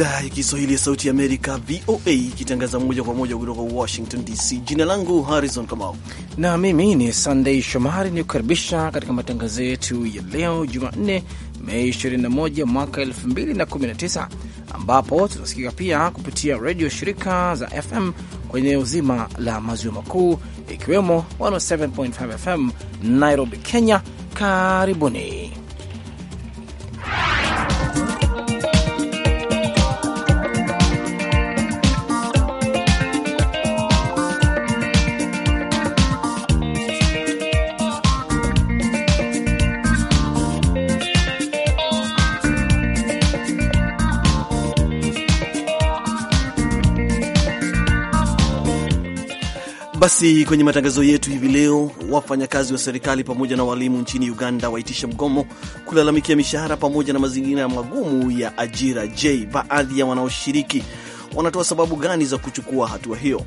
idhaa ya Kiswahili ya Sauti ya Amerika, VOA, ikitangaza moja kwa moja kutoka Washington DC. Jina langu Harrison Kamau na mimi ni Sandei Shomari, ni kukaribisha katika matangazo yetu ya leo Jumanne, Mei 21 mwaka 2019, ambapo tunasikika pia kupitia redio shirika za FM kwenye eneo zima la maziwa makuu, ikiwemo 107.5 FM Nairobi, Kenya. Karibuni. Basi kwenye matangazo yetu hivi leo, wafanyakazi wa serikali pamoja na walimu nchini Uganda waitisha mgomo kulalamikia mishahara pamoja na mazingira magumu ya ajira. Je, baadhi ya wanaoshiriki wanatoa sababu gani za kuchukua hatua hiyo?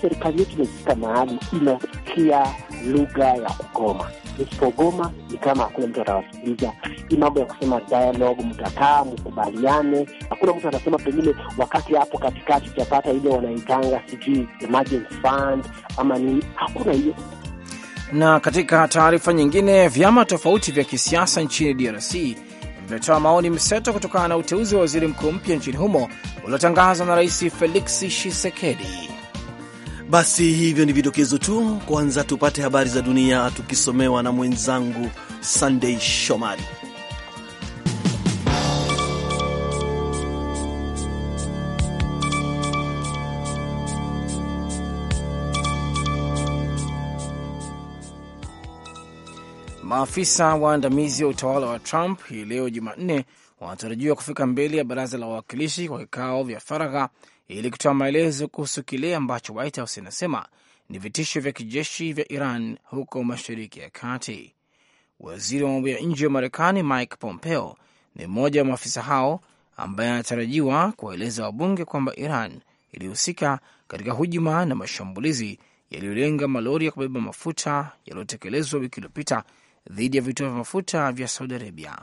Serikali yetu imefika mahali inafikia lugha ya kugoma. Usipogoma ni kama hakuna mtu atawasikiliza. Hii mambo ya kusema dialogue, mtakaa mkubaliane, hakuna mtu atasema. Pengine wakati hapo katikati chapata ile wanaitanga sijui emergency fund ama nini, hakuna hiyo. Na katika taarifa nyingine, vyama tofauti vya kisiasa nchini DRC vimetoa maoni mseto kutokana na uteuzi wa waziri mkuu mpya nchini humo uliotangazwa na Rais Felix Tshisekedi. Basi hivyo ni vidokezo tu. Kwanza tupate habari za dunia tukisomewa na mwenzangu Sunday Shomari. Maafisa waandamizi wa utawala wa Trump hii leo Jumanne wanatarajiwa kufika mbele ya baraza la wawakilishi kwa vikao vya faragha ili kutoa maelezo kuhusu kile ambacho White House inasema ni vitisho vya kijeshi vya Iran huko Mashariki ya Kati. Waziri wa mambo ya nje wa Marekani Mike Pompeo ni mmoja wa maafisa hao ambaye anatarajiwa kuwaeleza wabunge kwamba Iran ilihusika katika hujuma na mashambulizi yaliyolenga malori ya kubeba mafuta yaliyotekelezwa wiki iliyopita dhidi ya vituo vya mafuta vya Saudi Arabia.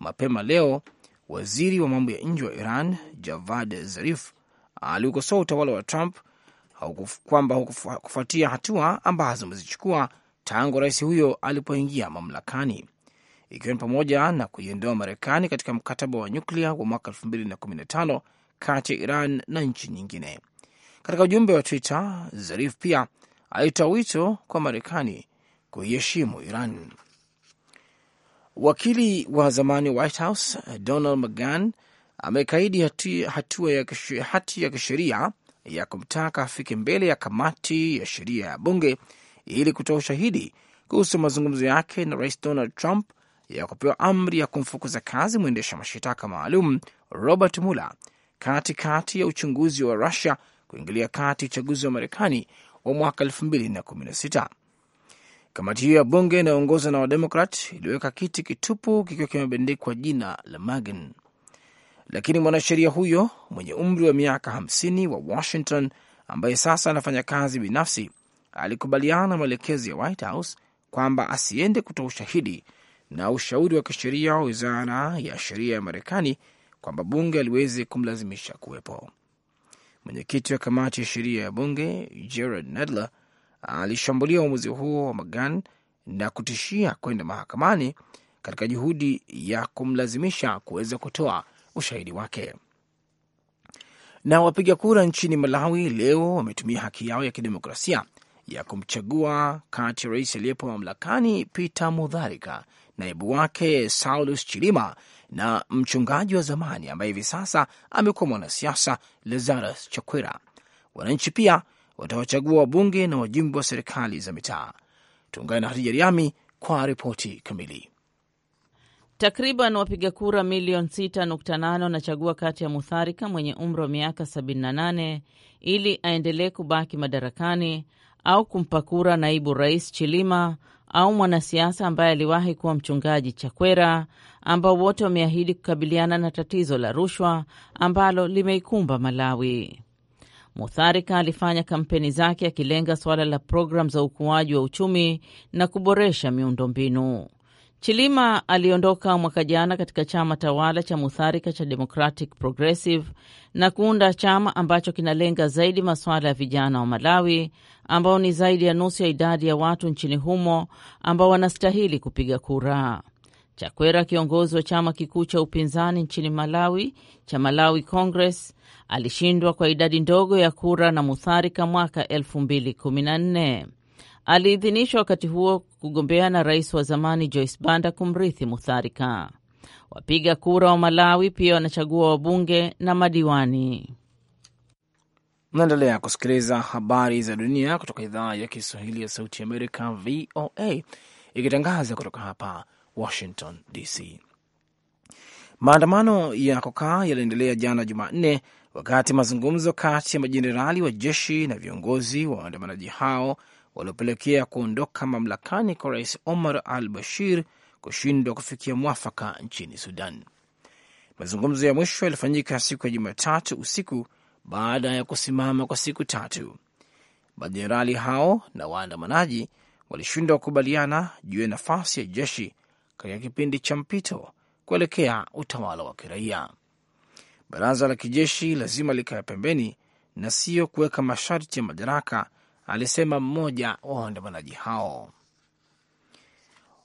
Mapema leo waziri wa mambo ya nje wa Iran Javad Zarif aliukosoa utawala wa Trump kwamba hukufuatia hatua ambazo umezichukua tangu rais huyo alipoingia mamlakani, ikiwa ni pamoja na kuiondoa Marekani katika mkataba wa nyuklia wa mwaka 2015 kati ya Iran na nchi nyingine. Katika ujumbe wa Twitter, Zarif pia alitoa wito kwa Marekani kuiheshimu Iran. Wakili wa zamani White House Donald McGahn amekaidi hatua ya hati ya kisheria ya kumtaka afike mbele ya kamati ya sheria ya bunge ili kutoa ushahidi kuhusu mazungumzo yake na Rais Donald Trump ya kupewa amri ya kumfukuza kazi mwendesha mashitaka maalum Robert Mueller katikati kati ya uchunguzi wa rusia kuingilia kati uchaguzi wa Marekani wa mwaka 2016. Kamati hiyo ya bunge inayoongozwa na Wademokrat iliweka kiti kitupu kikiwa kimebandikwa jina la Magen lakini mwanasheria huyo mwenye umri wa miaka hamsini wa Washington ambaye sasa anafanya kazi binafsi alikubaliana na maelekezo ya White House kwamba asiende kutoa ushahidi na ushauri wa kisheria wa wizara ya sheria ya Marekani kwamba bunge aliweze kumlazimisha kuwepo. Mwenyekiti wa kamati ya sheria ya bunge Jared Nadler alishambulia uamuzi huo wa Magan na kutishia kwenda mahakamani katika juhudi ya kumlazimisha kuweza kutoa ushahidi wake. Na wapiga kura nchini Malawi leo wametumia haki yao ya kidemokrasia ya kumchagua kati ya rais aliyepo mamlakani Peter Mutharika, naibu wake Saulus Chilima na mchungaji wa zamani ambaye hivi sasa amekuwa mwanasiasa Lazarus Chakwera. Wananchi pia watawachagua wabunge na wajumbe wa serikali za mitaa. Tuungane na hatija Riami kwa ripoti kamili. Takriban wapiga kura milioni 6.8 wanachagua kati ya Mutharika mwenye umri wa miaka 78 ili aendelee kubaki madarakani au kumpa kura naibu rais Chilima au mwanasiasa ambaye aliwahi kuwa mchungaji Chakwera, ambao wote wameahidi kukabiliana na tatizo la rushwa ambalo limeikumba Malawi. Mutharika alifanya kampeni zake akilenga suala la programu za ukuaji wa uchumi na kuboresha miundombinu. Chilima aliondoka mwaka jana katika chama tawala cha Mutharika cha Democratic Progressive na kuunda chama ambacho kinalenga zaidi masuala ya vijana wa Malawi ambao ni zaidi ya nusu ya idadi ya watu nchini humo ambao wanastahili kupiga kura. Chakwera, kiongozi wa chama kikuu cha upinzani nchini Malawi cha Malawi Congress, alishindwa kwa idadi ndogo ya kura na Mutharika mwaka 2014 aliidhinishwa wakati huo kugombea na rais wa zamani Joyce Banda kumrithi Mutharika. Wapiga kura wa Malawi pia wanachagua wabunge na madiwani. naendelea kusikiliza habari za dunia kutoka idhaa ya Kiswahili ya Sauti Amerika, VOA, ikitangaza kutoka hapa Washington DC. Maandamano ya kokaa yaliendelea jana Jumanne, wakati mazungumzo kati ya majenerali wa jeshi na viongozi wa waandamanaji hao waliopelekea kuondoka mamlakani kwa rais Omar al Bashir kushindwa kufikia mwafaka nchini Sudan. Mazungumzo ya mwisho yalifanyika siku ya Jumatatu usiku baada ya kusimama kwa siku tatu. Majenerali hao na waandamanaji walishindwa kukubaliana juu ya nafasi ya jeshi katika kipindi cha mpito kuelekea utawala wa kiraia. Baraza la kijeshi lazima likae pembeni na siyo kuweka masharti ya madaraka alisema mmoja wa waandamanaji hao.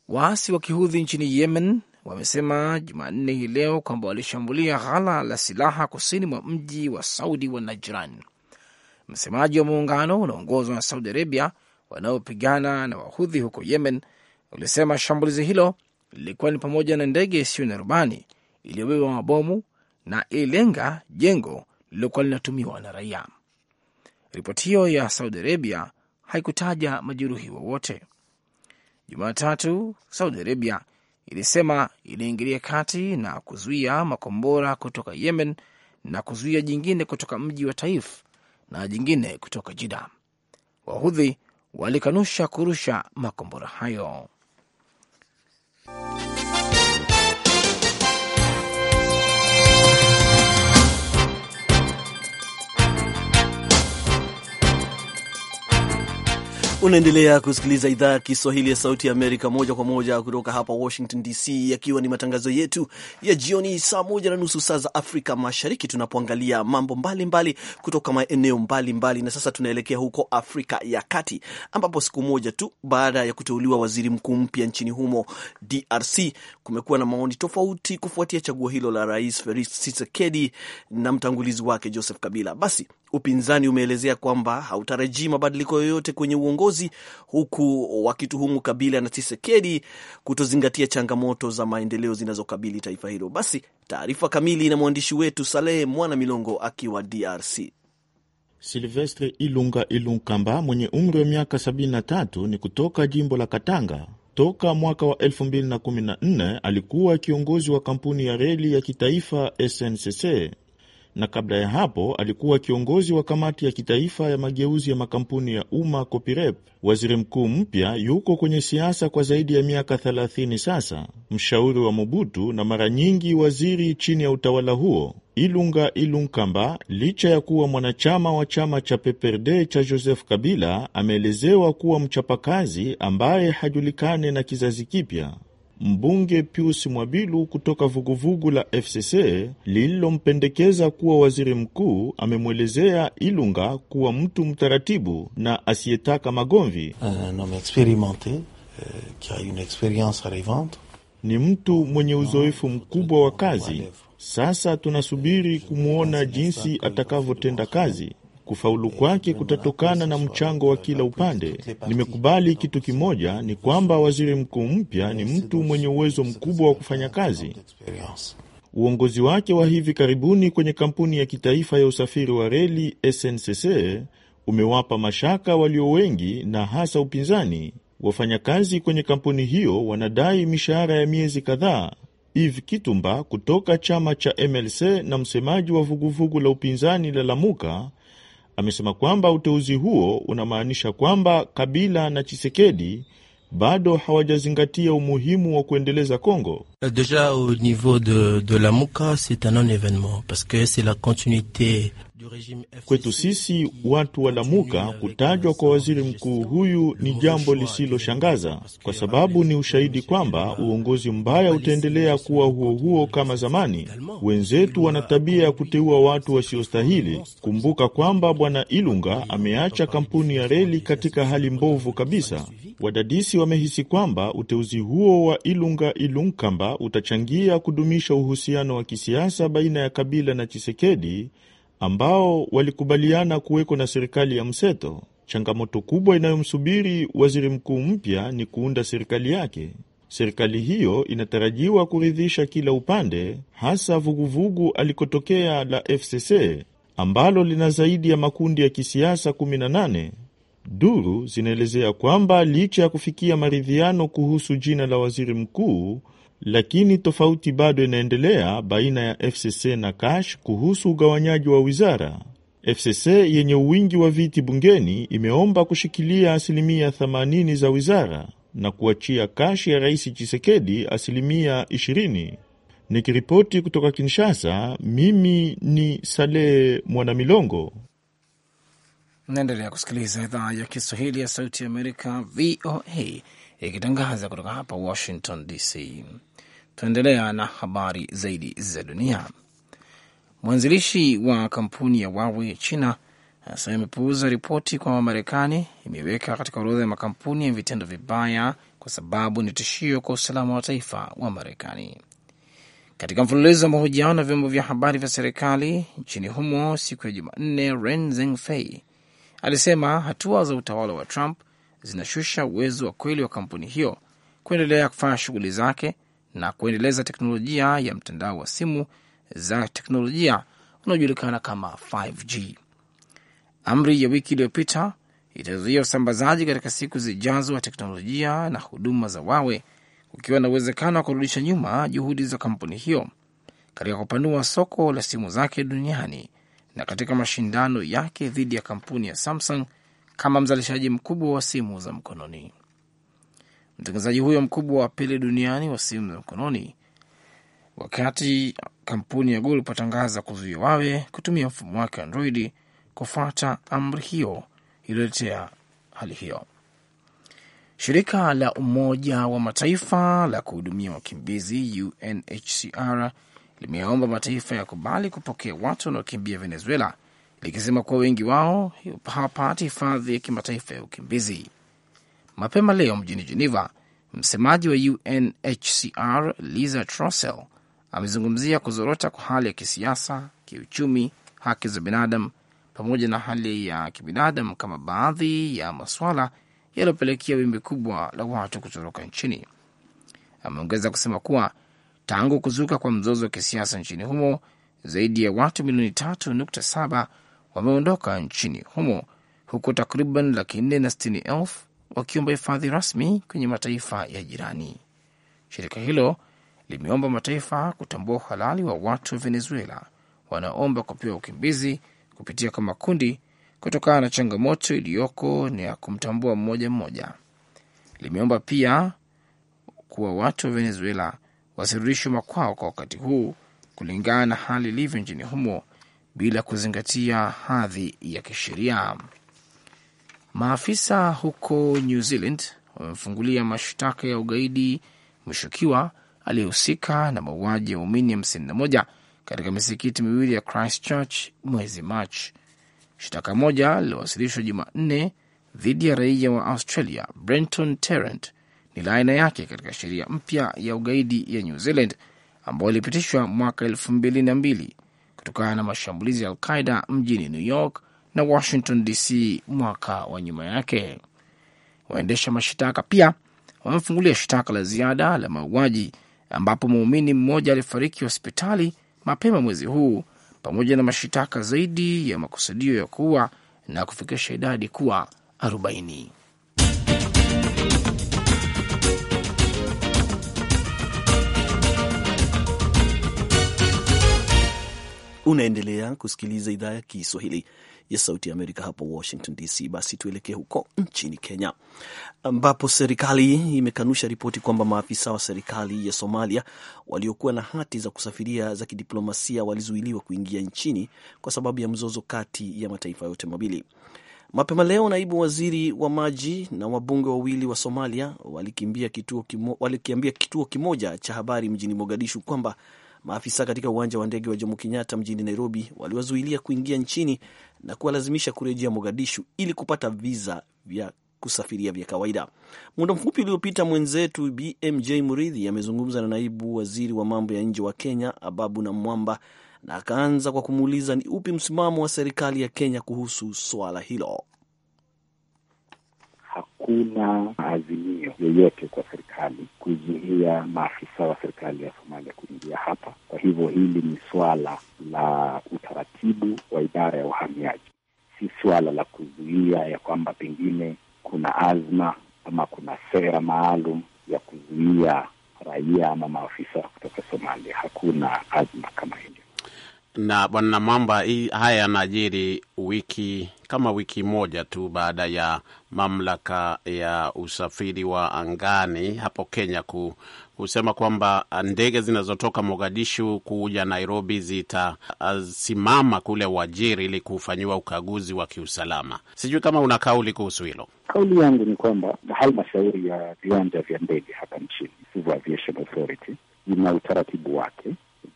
Waasi wa kihudhi nchini Yemen wamesema Jumanne hii leo kwamba walishambulia ghala la silaha kusini mwa mji wa Saudi wa Najran. Msemaji wa muungano unaongozwa na Saudi Arabia wanaopigana na wahudhi huko Yemen ulisema shambulizi hilo lilikuwa ni pamoja na ndege isiyo na rubani iliyobeba mabomu na ililenga jengo lililokuwa linatumiwa na raia. Ripoti hiyo ya Saudi Arabia haikutaja majeruhi wowote. Jumatatu, Saudi Arabia ilisema iliingilia kati na kuzuia makombora kutoka Yemen na kuzuia jingine kutoka mji wa Taif na jingine kutoka Jida. Wahudhi walikanusha kurusha makombora hayo. Unaendelea kusikiliza idhaa ya Kiswahili ya Sauti ya Amerika moja kwa moja kutoka hapa Washington DC, yakiwa ni matangazo yetu ya jioni saa moja na nusu saa za Afrika Mashariki, tunapoangalia mambo mbalimbali mbali kutoka maeneo mbalimbali. Na sasa tunaelekea huko Afrika ya Kati, ambapo siku moja tu baada ya kuteuliwa waziri mkuu mpya nchini humo DRC, kumekuwa na maoni tofauti kufuatia chaguo hilo la Rais Felix Tshisekedi na mtangulizi wake Joseph Kabila. Basi Upinzani umeelezea kwamba hautarajii mabadiliko yoyote kwenye uongozi, huku wakituhumu Kabila na Tshisekedi kutozingatia changamoto za maendeleo zinazokabili taifa hilo. Basi taarifa kamili na mwandishi wetu Salehe Mwana Milongo akiwa DRC. Silvestre Ilunga Ilunkamba mwenye umri wa miaka 73 ni kutoka jimbo la Katanga. Toka mwaka wa 2014 alikuwa kiongozi wa kampuni ya reli ya kitaifa SNCC na kabla ya hapo alikuwa kiongozi wa kamati ya kitaifa ya mageuzi ya makampuni ya umma COPIREP. Waziri mkuu mpya yuko kwenye siasa kwa zaidi ya miaka 30 sasa, mshauri wa Mobutu na mara nyingi waziri chini ya utawala huo. Ilunga Ilunkamba, licha ya kuwa mwanachama wa chama cha PPRD cha Joseph Kabila, ameelezewa kuwa mchapakazi ambaye hajulikane na kizazi kipya. Mbunge Pius Mwabilu kutoka vuguvugu la FCC lililompendekeza kuwa waziri mkuu amemwelezea Ilunga kuwa mtu mtaratibu na asiyetaka magomvi. Euh, ni mtu mwenye uzoefu mkubwa wa kazi. Sasa tunasubiri kumwona jinsi atakavyotenda kazi. Kufaulu kwake kutatokana na mchango wa kila upande. Nimekubali kitu kimoja, ni kwamba waziri mkuu mpya ni mtu mwenye uwezo mkubwa wa kufanya kazi. Uongozi wake wa hivi karibuni kwenye kampuni ya kitaifa ya usafiri wa reli SNCC umewapa mashaka walio wengi na hasa upinzani. Wafanyakazi kwenye kampuni hiyo wanadai mishahara ya miezi kadhaa. Eve Kitumba kutoka chama cha MLC na msemaji wa vuguvugu la upinzani la Lamuka amesema kwamba uteuzi huo unamaanisha kwamba Kabila na Chisekedi bado hawajazingatia umuhimu wa kuendeleza Kongo. Déjà au niveau de, de la Muka, c'est un non-événement parce que c'est la continuité Kwetu sisi watu wa Lamuka, kutajwa kwa waziri mkuu huyu ni jambo lisiloshangaza, kwa sababu ni ushahidi kwamba uongozi mbaya utaendelea kuwa huo huo kama zamani. Wenzetu wana tabia ya kuteua watu wasiostahili. Kumbuka kwamba bwana Ilunga ameacha kampuni ya reli katika hali mbovu kabisa. Wadadisi wamehisi kwamba uteuzi huo wa Ilunga Ilunkamba utachangia kudumisha uhusiano wa kisiasa baina ya Kabila na Chisekedi ambao walikubaliana kuweko na serikali ya mseto. Changamoto kubwa inayomsubiri waziri mkuu mpya ni kuunda serikali yake. Serikali hiyo inatarajiwa kuridhisha kila upande, hasa vuguvugu alikotokea la FCC ambalo lina zaidi ya makundi ya kisiasa 18. Duru zinaelezea kwamba licha ya kufikia maridhiano kuhusu jina la waziri mkuu, lakini tofauti bado inaendelea baina ya FCC na Kash kuhusu ugawanyaji wa wizara. FCC yenye uwingi wa viti bungeni imeomba kushikilia asilimia 80 za wizara na kuachia kash ya Rais Chisekedi asilimia 20. Nikiripoti kutoka Kinshasa, mimi ni salehe Mwanamilongo. Naendelea kusikiliza idhaa ya Kiswahili ya Sauti ya Amerika, VOA, ikitangaza kutoka hapa Washington DC. Tunaendelea na habari zaidi za dunia. Mwanzilishi wa kampuni ya Huawei ya China anasema imepuuza ripoti kwamba Marekani imeweka katika orodha ya makampuni ya vitendo vibaya kwa sababu ni tishio kwa usalama wa taifa wa Marekani. Katika mfululizo wa mahojiano na vyombo vya habari vya serikali nchini humo siku ya Jumanne, Ren Zhengfei alisema hatua za utawala wa Trump zinashusha uwezo wa kweli wa kampuni hiyo kuendelea kufanya shughuli zake na kuendeleza teknolojia ya mtandao wa simu za teknolojia unaojulikana kama 5G. Amri ya wiki iliyopita itazuia usambazaji katika siku zijazo wa teknolojia na huduma za Wawe, kukiwa na uwezekano wa kurudisha nyuma juhudi za kampuni hiyo katika kupanua soko la simu zake duniani na katika mashindano yake dhidi ya kampuni ya Samsung kama mzalishaji mkubwa wa simu za mkononi mtangazaji huyo mkubwa wa pili duniani wa simu za mkononi, wakati kampuni ya Google ilipotangaza kuzuia wawe kutumia mfumo wake Android kufuata amri hiyo iliyoletea hali hiyo. Shirika la Umoja wa Mataifa la kuhudumia wakimbizi UNHCR limeomba mataifa ya kubali kupokea watu wanaokimbia Venezuela, likisema kuwa wengi wao hawapati hifadhi ya kimataifa ya ukimbizi. Mapema leo mjini Geneva, msemaji wa UNHCR Liza Trossel amezungumzia kuzorota kwa hali ya kisiasa, kiuchumi, haki za binadamu pamoja na hali ya kibinadamu kama baadhi ya masuala yaliyopelekea wimbi kubwa la watu kutoroka nchini. Ameongeza kusema kuwa tangu kuzuka kwa mzozo wa kisiasa nchini humo zaidi ya watu milioni tatu nukta saba wameondoka nchini humo huku takriban laki nne na sitini elfu wakiomba hifadhi rasmi kwenye mataifa ya jirani. Shirika hilo limeomba mataifa kutambua uhalali wa watu wa Venezuela wanaomba kupewa ukimbizi kupitia kwa makundi kutokana na changamoto iliyoko na ya kumtambua mmoja mmoja. Limeomba pia kuwa watu wa Venezuela wasirudishwe makwao kwa wakati huu kulingana na hali ilivyo nchini humo bila kuzingatia hadhi ya kisheria. Maafisa huko New Zealand wamemfungulia mashtaka ya ugaidi mshukiwa aliyehusika na mauaji ya waumini 51 katika misikiti miwili ya Christchurch mwezi March. Shtaka moja lililowasilishwa Jumanne dhidi ya raia wa Australia Brenton Tarrant ni la aina yake katika sheria mpya ya ugaidi ya New Zealand ambayo ilipitishwa mwaka elfu mbili na mbili kutokana na mashambulizi ya Alqaida mjini New York na Washington DC mwaka wa nyuma yake. Waendesha mashtaka pia wamefungulia shtaka la ziada la mauaji ambapo muumini mmoja alifariki hospitali mapema mwezi huu pamoja na mashitaka zaidi ya makusudio ya kuua na kufikisha idadi kuwa 40. Unaendelea kusikiliza idhaa ya Kiswahili ya Sauti ya Amerika hapa Washington DC. Basi tuelekee huko nchini Kenya ambapo serikali imekanusha ripoti kwamba maafisa wa serikali ya Somalia waliokuwa na hati za kusafiria za kidiplomasia walizuiliwa kuingia nchini kwa sababu ya mzozo kati ya mataifa yote mawili. Mapema leo naibu waziri wa maji na wabunge wawili wa Somalia walikiambia kituo, kimo, walikiambia kituo kimoja cha habari mjini Mogadishu kwamba Maafisa katika uwanja wa ndege wa Jomo Kenyatta mjini Nairobi waliwazuilia kuingia nchini na kuwalazimisha kurejea Mogadishu ili kupata viza vya kusafiria vya kawaida. Muda mfupi uliopita, mwenzetu BMJ Muridhi amezungumza na naibu waziri wa mambo ya nje wa Kenya Ababu na Mwamba na akaanza kwa kumuuliza ni upi msimamo wa serikali ya Kenya kuhusu swala hilo hakuna azimio yoyote kwa serikali kuzuia maafisa wa serikali ya Somalia kuingia hapa. Kwa hivyo hili ni suala la utaratibu wa idara ya uhamiaji, si suala la kuzuia ya kwamba pengine kuna azma ama kuna sera maalum ya kuzuia raia ama maafisa kutoka Somalia. Hakuna azma kama na bwana Mamba, haya yanajiri wiki kama wiki moja tu baada ya mamlaka ya usafiri wa angani hapo Kenya kusema kwamba ndege zinazotoka Mogadishu kuja Nairobi zitasimama kule uajiri ili kufanyiwa ukaguzi wa kiusalama. Sijui kama una kauli kuhusu hilo. Kauli yangu ni kwamba halmashauri ya viwanja vya ndege hapa nchini, Civil Aviation Authority, ina utaratibu wake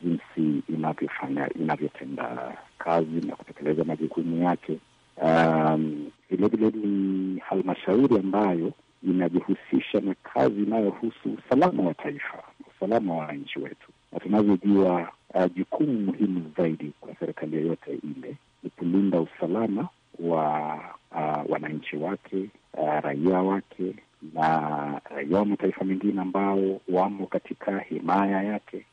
jinsi inavyofanya inavyotenda kazi na kutekeleza majukumu yake. Vilevile um, ni halmashauri ambayo inajihusisha na kazi inayohusu usalama wa taifa, usalama wa wananchi wetu, na tunavyojua uh, jukumu muhimu zaidi kwa serikali yoyote ile ni kulinda usalama wa uh, wananchi wake uh, raia wake na raia wa mataifa mengine ambao wamo katika himaya yake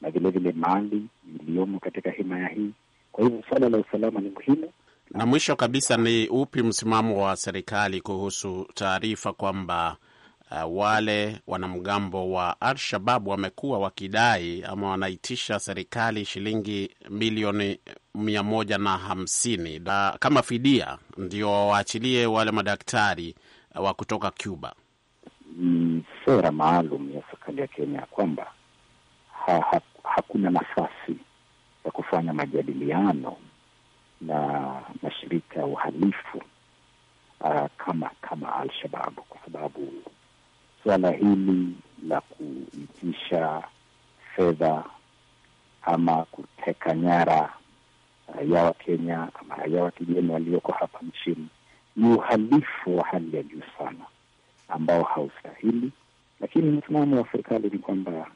na vilevile mali iliyomo katika himaya hii. Kwa hivyo suala la usalama ni muhimu. Na mwisho kabisa, ni upi msimamo wa serikali kuhusu taarifa kwamba uh, wale wanamgambo wa al wamekuwa wakidai ama wanaitisha serikali shilingi milioni mia moja na hamsini da, kama fidia ndio waachilie wale madaktari uh, wa kutoka Cuba? Ni mm, sera maalum ya serikali ya Kenya kwamba ha, ha, hakuna nafasi ya kufanya majadiliano na mashirika ya uhalifu uh, kama kama Alshababu, kwa sababu suala hili la kuitisha fedha ama kuteka nyara raia wa Kenya ama raia wa kigeni walioko hapa nchini ni uhalifu wa hali ya juu sana ambao haustahili, lakini msimamo wa serikali ni kwamba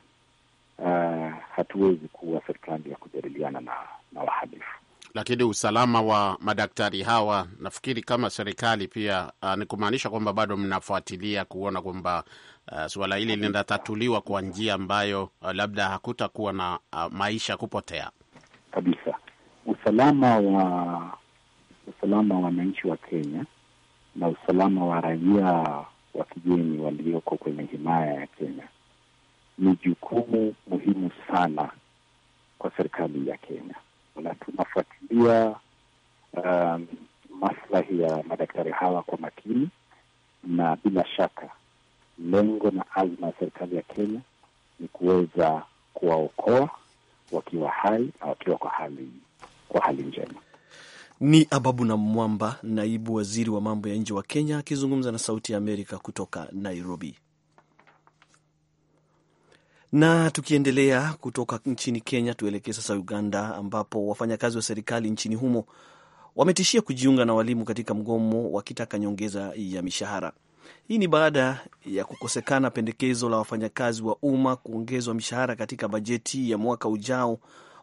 uh, hatuwezi kuwa serikali ya kujadiliana na, na wahalifu. Lakini usalama wa madaktari hawa, nafikiri kama serikali pia uh, ni kumaanisha kwamba bado mnafuatilia kuona kwamba uh, suala hili linatatuliwa kwa njia ambayo uh, labda hakutakuwa na uh, maisha kupotea kabisa. Usalama wa usalama wa wananchi wa Kenya na usalama wa raia wa kigeni walioko kwenye himaya ya Kenya ni jukumu muhimu sana kwa serikali ya Kenya na tunafuatilia um, maslahi ya madaktari hawa kwa makini, na bila shaka lengo na azma ya serikali ya Kenya ni kuweza kuwaokoa wakiwa hai na wakiwa kwa hali, kwa hali njema. Ni Ababu na Mwamba, naibu waziri wa mambo ya nje wa Kenya, akizungumza na Sauti ya Amerika kutoka Nairobi. Na tukiendelea kutoka nchini Kenya, tuelekee sasa Uganda, ambapo wafanyakazi wa serikali nchini humo wametishia kujiunga na walimu katika mgomo wakitaka nyongeza ya mishahara. Hii ni baada ya kukosekana pendekezo la wafanyakazi wa umma kuongezwa mishahara katika bajeti ya mwaka ujao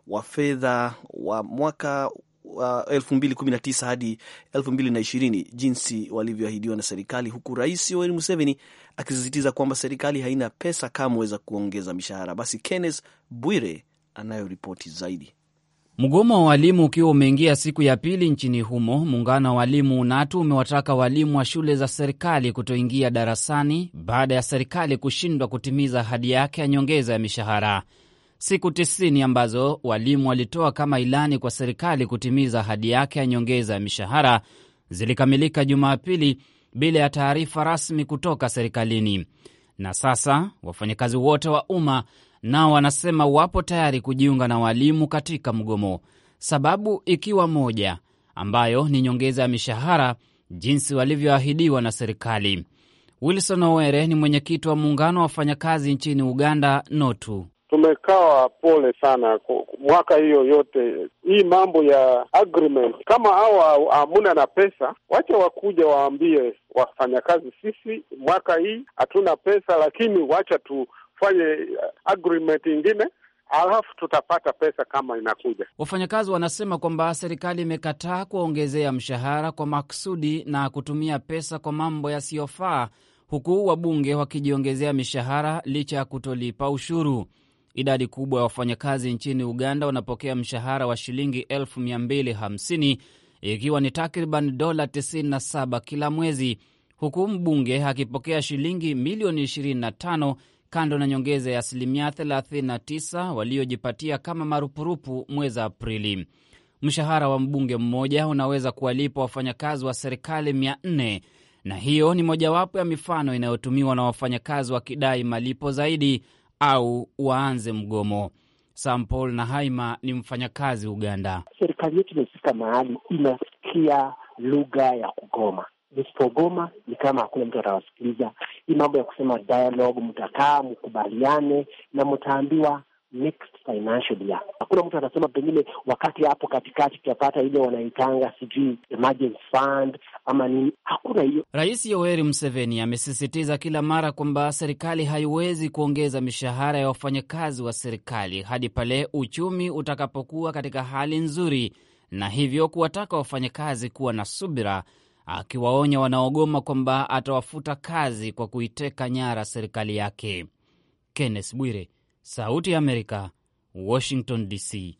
wa fedha wa mwaka 2019 uh, hadi 220 jinsi walivyoahidiwa na serikali, huku Rais Yoweri Museveni akisisitiza kwamba serikali haina pesa kamwe za kuongeza mishahara. Basi Kenneth Bwire anayo ripoti zaidi. Mgomo wa walimu ukiwa umeingia siku ya pili nchini humo, muungano wa walimu UNATU umewataka walimu wa shule za serikali kutoingia darasani baada ya serikali kushindwa kutimiza ahadi yake ya nyongeza ya mishahara siku 90 ambazo walimu walitoa kama ilani kwa serikali kutimiza ahadi yake ya nyongeza ya mishahara zilikamilika Jumapili bila ya taarifa rasmi kutoka serikalini, na sasa wafanyakazi wote wa umma nao wanasema wapo tayari kujiunga na walimu katika mgomo, sababu ikiwa moja ambayo ni nyongeza ya mishahara jinsi walivyoahidiwa na serikali. Wilson Owere ni mwenyekiti wa muungano wa wafanyakazi nchini Uganda, NOTU tumekawa pole sana mwaka hiyo yote. Hii mambo ya agreement, kama hawa hamuna na pesa, wacha wakuja waambie wafanyakazi, sisi mwaka hii hatuna pesa, lakini wacha tufanye uh, agreement ingine alafu tutapata pesa kama inakuja. Wafanyakazi wanasema kwamba serikali imekataa kuongezea mshahara kwa maksudi na kutumia pesa kwa mambo yasiyofaa, huku wabunge wakijiongezea mishahara licha ya kutolipa ushuru. Idadi kubwa ya wafanyakazi nchini Uganda wanapokea mshahara wa shilingi elfu ikiwa ni takriban dola 97 kila mwezi, huku mbunge akipokea shilingi milioni 25 kando na nyongeza ya asilimia 39 waliojipatia kama marupurupu mwezi Aprili. Mshahara wa mbunge mmoja unaweza kuwalipa wafanyakazi wa serikali 400 na hiyo ni mojawapo ya mifano inayotumiwa na wafanyakazi wakidai malipo zaidi au waanze mgomo. Sam Paul na Haima ni mfanyakazi Uganda. Serikali yetu imefika mahali inasikia lugha ya kugoma. Nisipogoma ni kama hakuna mtu atawasikiliza. Hii mambo ya kusema dialogue, mtakaa mkubaliane na mtaambiwa financial year. Hakuna mtu anasema pengine wakati hapo katikati tutapata ile wanaitanga sijui emergency fund ama nini. Hakuna hiyo. Rais Yoweri Museveni amesisitiza kila mara kwamba serikali haiwezi kuongeza mishahara ya wafanyakazi wa serikali hadi pale uchumi utakapokuwa katika hali nzuri, na hivyo kuwataka wafanyakazi kuwa na subira, akiwaonya wanaogoma kwamba atawafuta kazi kwa kuiteka nyara serikali yake. Kenneth Bwire, Sauti ya Amerika, Washington DC.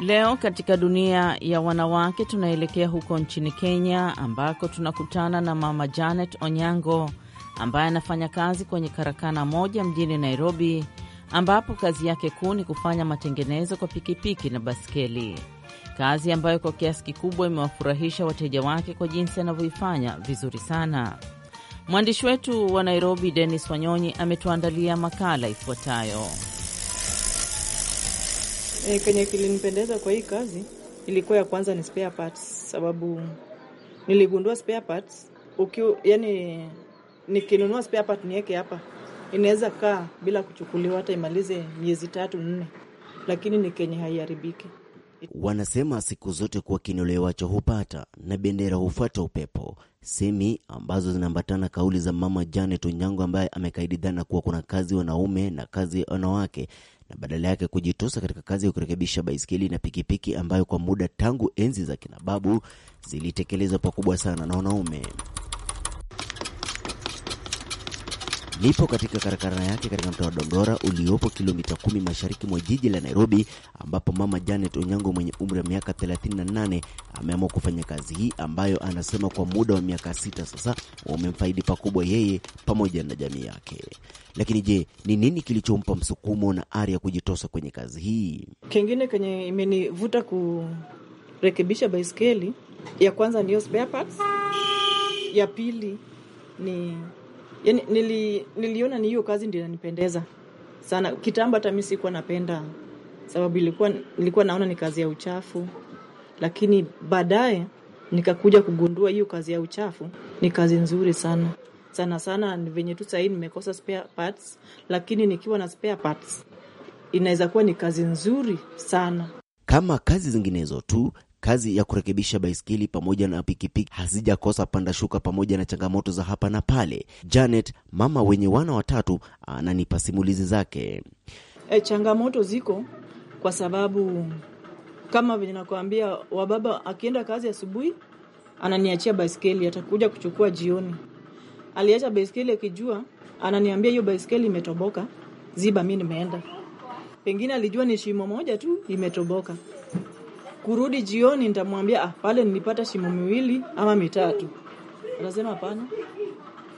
Leo katika dunia ya wanawake tunaelekea huko nchini Kenya ambako tunakutana na Mama Janet Onyango ambaye anafanya kazi kwenye karakana moja mjini Nairobi, ambapo kazi yake kuu ni kufanya matengenezo kwa pikipiki na baskeli, kazi ambayo kwa kiasi kikubwa imewafurahisha wateja wake kwa jinsi anavyoifanya vizuri sana. Mwandishi wetu wa Nairobi, Denis Wanyonyi, ametuandalia makala ifuatayo. E, kenye kilinipendeza kwa hii kazi ilikuwa ya kwanza ni spare parts, sababu niligundua spare parts ukiwa yani nikinunua spare part niweke hapa, inaweza kaa bila kuchukuliwa hata imalize miezi tatu nne, lakini ni kenye haiharibiki. Wanasema siku zote kuwa kinolewacho hupata na bendera hufuata upepo, semi ambazo zinaambatana kauli za Mama Janet Onyango ambaye amekaidi dhana kuwa kuna kazi wanaume na kazi wanawake, na badala yake kujitosa katika kazi ya kurekebisha baiskeli na pikipiki ambayo kwa muda tangu enzi za kina babu zilitekelezwa pakubwa sana na wanaume. lipo katika karakana yake katika mtaa wa Dondora uliopo kilomita kumi mashariki mwa jiji la Nairobi, ambapo mama Janet Onyango mwenye umri wa miaka 38 ameamua kufanya kazi hii ambayo anasema kwa muda wa miaka sita sasa umemfaidi pakubwa yeye pamoja na jamii yake. Lakini je, ni nini kilichompa msukumo na ari ya kujitosa kwenye kazi hii? Kingine kenye imenivuta kurekebisha baiskeli, ya kwanza ni spare parts, ya pili ni yani, nili, niliona ni hiyo kazi ndio inanipendeza sana. Kitambo hata mimi sikuwa napenda, sababu ilikuwa nilikuwa naona ni kazi ya uchafu, lakini baadaye nikakuja kugundua hiyo kazi ya uchafu ni kazi nzuri sana sana sana. Ni venye tu sahii nimekosa spare parts, lakini nikiwa na spare parts inaweza kuwa ni kazi nzuri sana kama kazi zinginezo tu Kazi ya kurekebisha baiskeli pamoja na pikipiki hazijakosa panda shuka pamoja na changamoto za hapa na pale. Janet, mama wenye wana watatu, ananipa simulizi zake. E, changamoto ziko kwa sababu kama vile nakwambia, wababa akienda kazi asubuhi ananiachia baiskeli, atakuja kuchukua jioni. Aliacha baiskeli akijua, ananiambia hiyo baiskeli imetoboka, ziba, mi nimeenda. Pengine alijua ni shimo moja tu imetoboka, kurudi jioni nitamwambia ah, pale nilipata shimo miwili ama mitatu. Atasema hapana,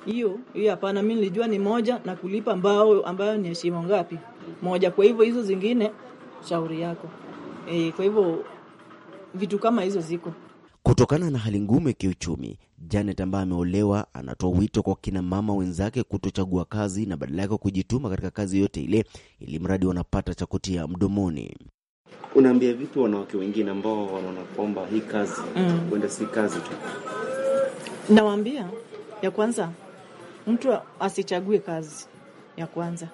hiyo hiyo hapana, mimi nilijua ni moja na kulipa mbao ambayo ni shimo ngapi moja. Kwa hivyo hizo zingine shauri yako. E, kwa hivyo vitu kama hizo ziko kutokana na hali ngumu ya kiuchumi. Janet ambaye ameolewa anatoa wito kwa kina mama wenzake kutochagua kazi na badala yake kujituma katika kazi yote ile, ili mradi wanapata cha kutia mdomoni. Unaambia vipi wanawake wengine ambao wanaona kwamba hii kazi mm. huenda mm. si kazi tu? Nawaambia ya kwanza, mtu asichague kazi. Ya kwanza,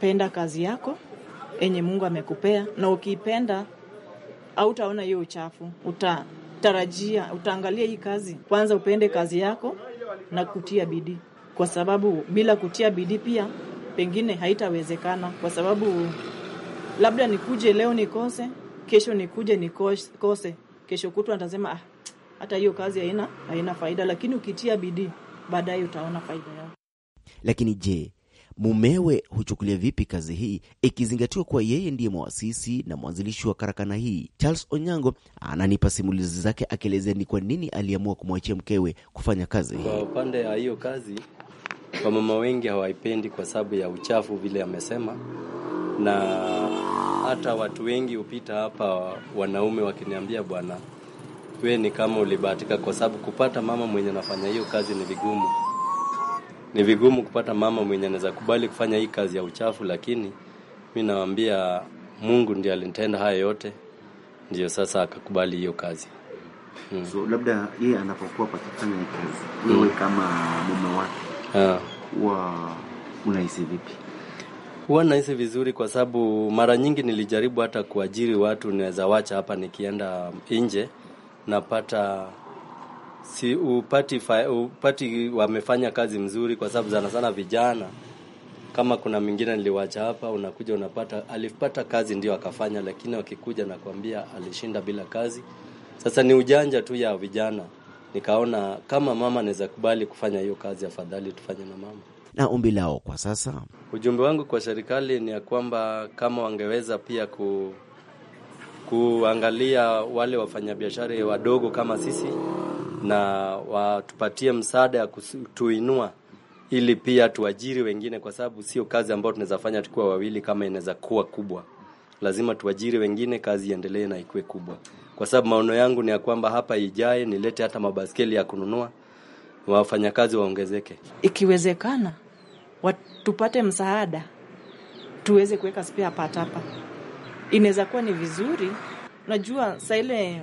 penda kazi yako enye Mungu amekupea, na ukiipenda hautaona hiyo uchafu. Utatarajia, utaangalia hii kazi kwanza, upende kazi yako na kutia bidii, kwa sababu bila kutia bidii pia pengine haitawezekana, kwa sababu labda nikuje leo nikose, kesho nikuje nikose, kesho kutwa nitasema ah, hata hiyo kazi haina haina faida, lakini ukitia bidii baadaye utaona faida yao. Lakini je, mumewe huchukulia vipi kazi hii ikizingatiwa kuwa yeye ndiye mwasisi na mwanzilishi wa karakana hii? Charles Onyango ananipa simulizi zake akielezea ni kwa nini aliamua kumwachia mkewe kufanya kazi hii. Kwa upande ya hiyo kazi, mama wengi hawaipendi kwa sababu ya uchafu vile amesema, na hata watu wengi hupita hapa, wanaume wakiniambia, bwana, we ni kama ulibahatika, kwa sababu kupata mama mwenye anafanya hiyo kazi ni vigumu. Ni vigumu kupata mama mwenye anaweza kubali kufanya hii kazi ya uchafu, lakini mi nawaambia Mungu ndiye alinitenda haya yote, ndio sasa akakubali hiyo kazi. Hmm. So labda yeye anapokuwa pakifanya kazi wewe, hmm, kama mume wake, ah, huwa unahisi vipi? Huwa nahisi vizuri kwa sababu mara nyingi nilijaribu hata kuajiri watu, naweza wacha hapa nikienda nje napata si upati, fa, upati wamefanya kazi mzuri, kwa sababu sana sana vijana kama kuna mwingine niliwacha hapa, unakuja unapata alipata kazi ndio akafanya, lakini wakikuja nakwambia alishinda bila kazi. Sasa ni ujanja tu ya vijana, nikaona kama mama anaweza kubali kufanya hiyo kazi, afadhali tufanye na mama na ombi lao kwa sasa. Ujumbe wangu kwa serikali ni ya kwamba kama wangeweza pia ku, kuangalia wale wafanyabiashara wadogo kama sisi na watupatie msaada ya kutuinua ili pia tuajiri wengine, kwa sababu sio kazi ambayo tunaweza fanya tukiwa wawili. Kama inaweza kuwa kubwa, lazima tuajiri wengine, kazi iendelee na ikuwe kubwa, kwa sababu maono yangu ni ya kwamba hapa ijae nilete hata mabaskeli ya kununua wafanyakazi waongezeke, ikiwezekana tupate msaada tuweze kuweka spare part hapa, inaweza kuwa ni vizuri. najua saa ile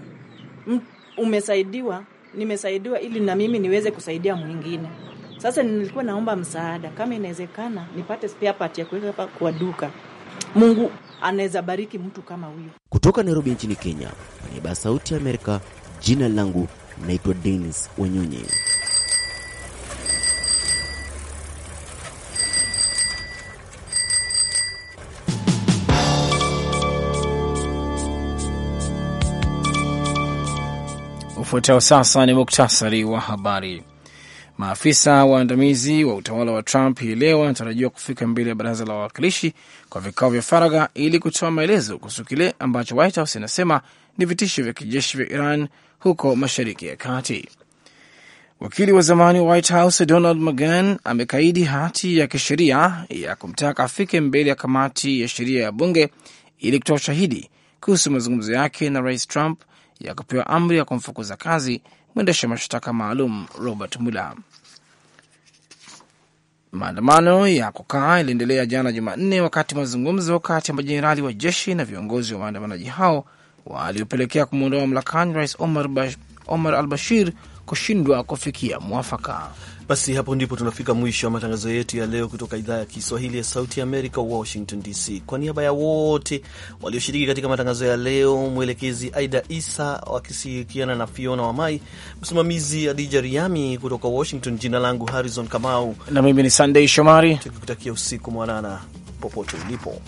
umesaidiwa, nimesaidiwa ili na mimi niweze kusaidia mwingine. Sasa nilikuwa naomba msaada, kama inawezekana nipate spare part ya kuweka hapa kwa duka. Mungu anaweza bariki mtu kama huyo. Kutoka Nairobi nchini Kenya, kwa niaba ya Sauti ya Amerika, jina langu naitwa Denis Wanyonyi. Ufuatao sasa ni muktasari wa habari. Maafisa waandamizi wa utawala wa Trump hii leo wanatarajiwa kufika mbele ya baraza la wawakilishi kwa vikao vya faragha ili kutoa maelezo kuhusu kile ambacho White House inasema ni vitisho vya kijeshi vya Iran huko mashariki ya kati. Wakili wa zamani wa White House Donald McGahn amekaidi hati ya kisheria ya kumtaka afike mbele ya kamati ya sheria ya bunge ili kutoa ushahidi kuhusu mazungumzo yake na Rais Trump ya kupewa amri ya kumfukuza kazi mwendesha mashtaka maalum Robert Mueller. Maandamano ya kukaa yaliendelea jana Jumanne, wakati mazungumzo kati ya majenerali wa jeshi na viongozi wa waandamanaji hao waliopelekea kumwondoa mamlakani rais Omar, Omar al Bashir kushindwa kufikia mwafaka. Basi hapo ndipo tunafika mwisho wa matangazo yetu ya leo kutoka idhaa ya Kiswahili ya Sauti ya Amerika, Washington DC. Kwa niaba ya wote walioshiriki katika matangazo ya leo, mwelekezi Aida Isa wakishirikiana na Fiona Wamai, msimamizi Adija Riami kutoka Washington, jina langu Harrison Kamau na mimi ni Sandei Shomari, tukikutakia usiku mwanana popote ulipo.